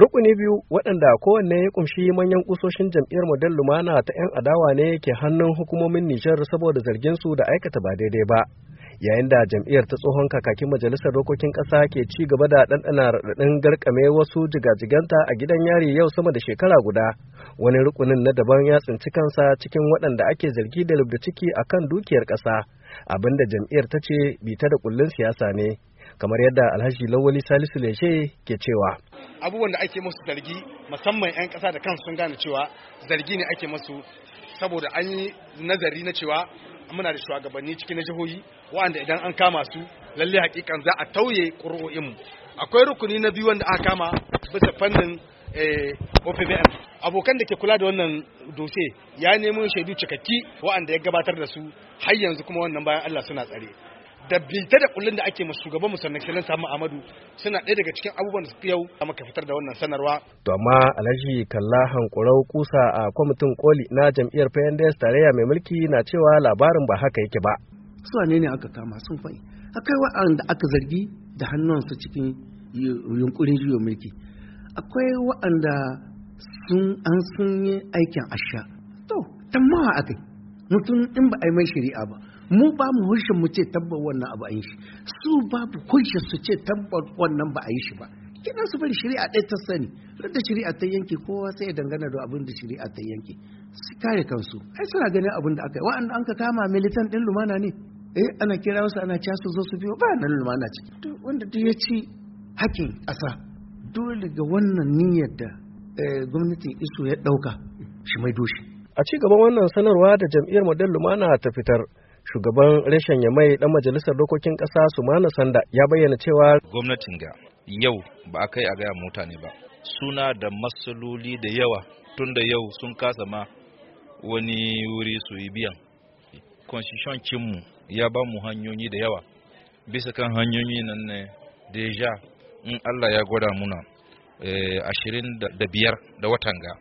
rukuni biyu waɗanda kowanne ya kumshi manyan kusoshin jam'iyyar model lumana ta 'yan adawa ne ke hannun hukumomin nijar saboda zargin su da aikata ba daidai ba yayin da jam'iyyar ta tsohon kakakin majalisar dokokin ƙasa ke ci gaba da ɗanɗana raɗaɗin garkame wasu jigajiganta a gidan yari yau sama da shekara guda wani rukunin na daban ya tsinci kansa cikin waɗanda ake zargi da rubda ciki a kan dukiyar ƙasa abinda jam'iyyar ta ce bita da kullun siyasa ne kamar yadda alhaji lawali salisu leshe ke cewa abubuwan da ake masu zargi musamman 'yan ƙasa da kansu sun gane cewa zargi ne ake masu saboda an yi nazari na cewa muna da shugabanni cikin na jihohi wanda idan an kama su lalle hakikan za a tauye ƙuri'o'inmu akwai rukuni na biyu wanda aka kama bisa fannin eh, OPVM abokan da ke kula da wannan dose ya nemo shaidu cikakki wanda ya gabatar da su har yanzu kuma wannan bayan Allah suna tsare da bita da kullun da ake masu shugaban musan excellence Samu Amadu suna ɗaya daga cikin abubuwan da yau maka fitar da wannan sanarwa to amma Alhaji Kalla Hankurau kusa a kwamitin koli na jam'iyyar PNDS tarayya mai mulki na cewa labarin ba haka yake ba su ne ne aka kama sun faɗi akwai waɗanda aka zargi da hannunsu cikin yunkurin juyo mulki akwai waɗanda sun an sun yi aikin asha to tamma a kai mutum in ba a yi mai shari'a ba mu ba mu mu ce tabbar wannan abu a yi shi su ba mu su ce tabbar wannan ba a yi shi ba kina su bari shari'a ɗaya ta sani da shari'a ta yanke kowa sai ya dangana da abin da shari'a ta yanke su kare kansu ai suna ganin abin da aka yi wa'anda an ka kama militan ɗin lumana ne eh ana kira wasu ana ca su zo su biyo ba nan lumana ce wanda duk ya ci hakkin ƙasa dole ga wannan niyyar da eh, gwamnatin iso ya ɗauka shi mai doshi a ci gaban wannan sanarwa da jam'iyyar model lumana ta fitar shugaban reshen ya mai dan majalisar dokokin kasa mana sanda ya bayyana cewa gwamnatin ga yau ba a kai a gaya mutane ba suna da matsaloli da yawa tun da yau sun kasa ma wani wuri su yi biyan constitution kinmu ya ba mu hanyoyi da yawa bisa kan hanyoyi nan ne deja in allah ya gwada muna eh, ashirin da biyar da watan ga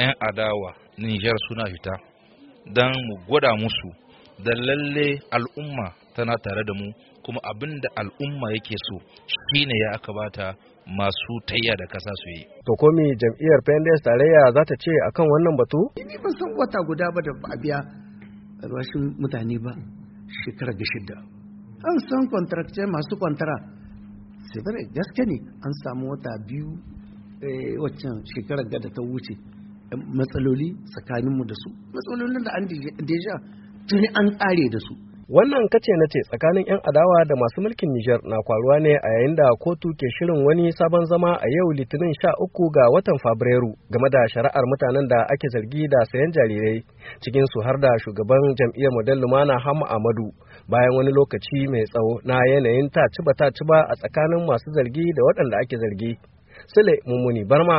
'yan adawa Nijar suna fita don mu gwada musu da lalle al'umma tana tare da mu kuma abin da al'umma yake so shine ya aka bata masu tayya da kasa su yi. To ko jam'iyyar PNDS tarayya za ta ce akan wannan batu? Ni ban san wata guda ba da ba biya rashin mutane ba shekara da shida. An san kontrakce masu kwantara. Sai gaske ne an samu wata biyu eh, waccan shekarar da ta wuce. matsaloli tsakaninmu da su matsalolin da an deja tuni an tsare da su wannan kace na ce tsakanin 'yan adawa da masu mulkin Nijar na kwaruwa ne a yayin da kotu ke shirin wani sabon zama a yau litinin sha uku ga watan Fabrairu game da shari'ar mutanen da ake zargi da sayan jarirai cikin su har da shugaban jam'iyyar Model Lumana Hamma Amadu bayan wani lokaci mai tsawo na yanayin ta taciba-taciba a tsakanin masu zargi da waɗanda ake zargi. Sule Mummuni Barma